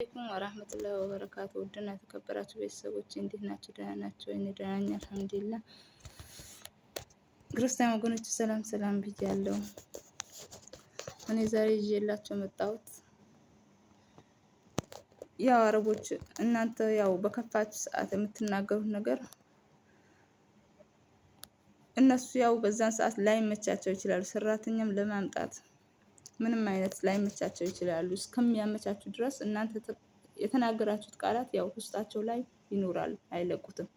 አሰላሙአለይኩም ወራህመቱላሂ ወበረካቱ ውድና የተከበራችሁ ቤተሰቦች እንዴት ናችሁ? ደህና ናችሁ? እኔ ደህና ነኝ አልሐምዱሊላህ። ክርስቲያን ወገኖች ሰላም ሰላም ብያለሁ። እኔ ዛሬ ይዤላችሁ መጣሁት ያው አረቦች እናንተ ያው በከፋችሁ ሰዓት የምትናገሩት ነገር እነሱ ያው በዛን ሰዓት ላይመቻቸው ይችላሉ። ሰራተኛም ለማምጣት ምንም አይነት ላይመቻቸው ይችላሉ። እስከሚያመቻቹ ድረስ እናንተ የተናገራችሁት ቃላት ያው ውስጣቸው ላይ ይኖራል፣ አይለቁትም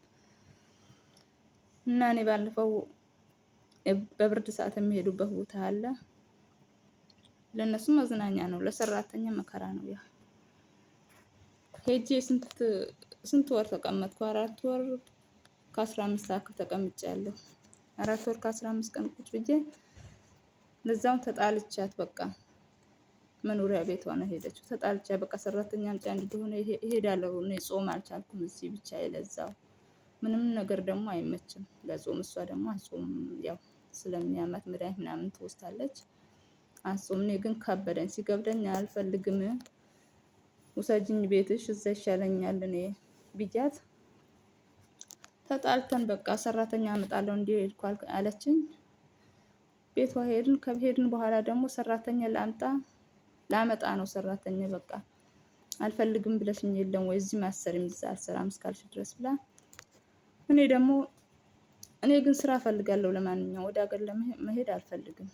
እና እኔ ባለፈው በብርድ ሰዓት የሚሄዱበት ቦታ አለ። ለእነሱ መዝናኛ ነው፣ ለሰራተኛ መከራ ነው። ያ ሄጄ ስንት ወር ተቀመጥኩ? አራት ወር ከአስራ አምስት ሰዓት ከተቀምጫለሁ። አራት ወር ከአስራ አምስት ቀን ቁጭ ብዬ ለዛም ተጣልቻት በቃ መኖሪያ ቤት ሆነ ሄደችው። ተጣልቻ በቃ ሰራተኛም አንድ እንደሆነ ይሄዳለሁ እኔ ጾም አልቻልኩም እዚህ ብቻ ለዛው ምንም ነገር ደግሞ አይመችም ለጾም። እሷ ደግሞ አጾም ያው ስለሚያማት መድኃኒት ምናምን ትወስዳለች። አጾም እኔ ግን ከበደኝ፣ ሲገብደኝ አልፈልግም ውሰጅኝ ቤትሽ እዛ ይሻለኛል እኔ ብያት ተጣልተን በቃ ሰራተኛ አመጣለሁ እንዲህ አለችኝ። ቤቷ ሄድን። ከሄድን በኋላ ደግሞ ሰራተኛ ላምጣ ላመጣ ነው ሰራተኛ በቃ አልፈልግም ብለሽኝ የለም ወይ እዚህ ማሰር የሚዛ አልሰራም እስካልሽ ድረስ ብላ እኔ ደግሞ እኔ ግን ስራ እፈልጋለሁ። ለማንኛውም ወደ ሀገር ለመሄድ አልፈልግም።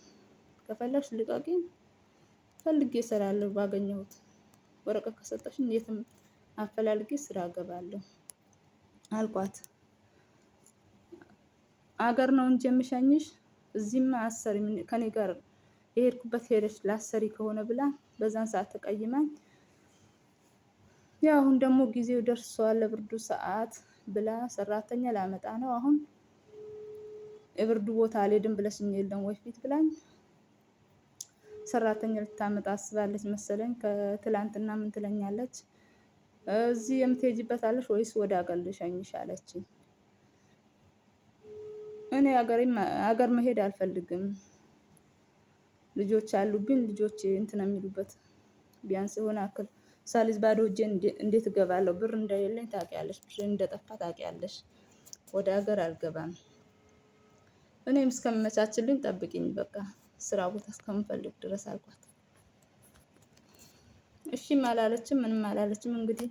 ከፈለግሽ ልቀቂኝ፣ ፈልጌ እሰራለሁ። ባገኘሁት ወረቀት ከሰጠሽኝ የትም አፈላልጌ ስራ እገባለሁ አልኳት። አገር ነው እንጂ የምሸኝሽ እዚህማ አሰሪ ከኔ ጋር የሄድኩበት ሄደች ለአሰሪ ከሆነ ብላ በዛን ሰዓት ተቀይማኝ፣ ያው አሁን ደግሞ ጊዜው ደርሷል ለብርዱ ሰዓት ብላ ሰራተኛ ላመጣ ነው አሁን የብርዱ ቦታ አልሄድም ብለሽኝ የለም ወይ ፊት ብላኝ ሰራተኛ ልታመጣ አስባለች መሰለኝ። ከትላንትና ምን ትለኛለች፣ እዚህ የምትሄጂበት አለሽ ወይስ ወደ አገር ልሸኝሽ አለችኝ። እኔ ሀገር መሄድ አልፈልግም። ልጆች አሉብኝ። ልጆች እንትን የሚሉበት ቢያንስ የሆነ አክል ሳልዝ ባዶ እጄን እንዴት እገባለሁ? ብር እንደሌለኝ ታውቂያለሽ፣ ብር እንደጠፋ ታውቂያለሽ። ወደ ሀገር አልገባም። እኔም እስከሚመቻችልኝ ጠብቂኝ፣ በቃ ስራ ቦታ እስከምፈልግ ድረስ አልኳት። እሺም አላለችም፣ ምንም አላለችም። እንግዲህ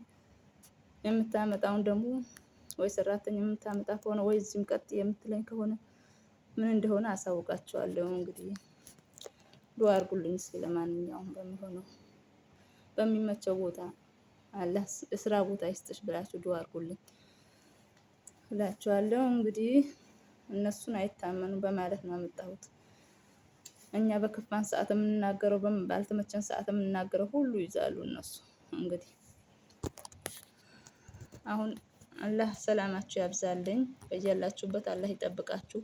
የምታመጣውን ደግሞ ወይ ሰራተኛ የምታመጣ ከሆነ ወይ እዚህም ቀጥ የምትለኝ ከሆነ ምን እንደሆነ አሳውቃቸዋለሁ። እንግዲህ ዱአ አድርጉልኝ። እስኪ ለማንኛውም በሚሆነው በሚመቸው ቦታ አላህ ስራ ቦታ ይስጥሽ ብላችሁ ዱአ አድርጉልኝ እንግዲህ እነሱን አይታመኑ በማለት ነው ያመጣሁት። እኛ በክፋን ሰዓት የምንናገረው ባልተመቸን ሰዓት የምንናገረው ሁሉ ይዛሉ እነሱ እንግዲህ አሁን አላህ ሰላማችሁ ያብዛልኝ። በያላችሁበት አላህ ይጠብቃችሁ።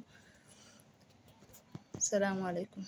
ሰላሙ አለይኩም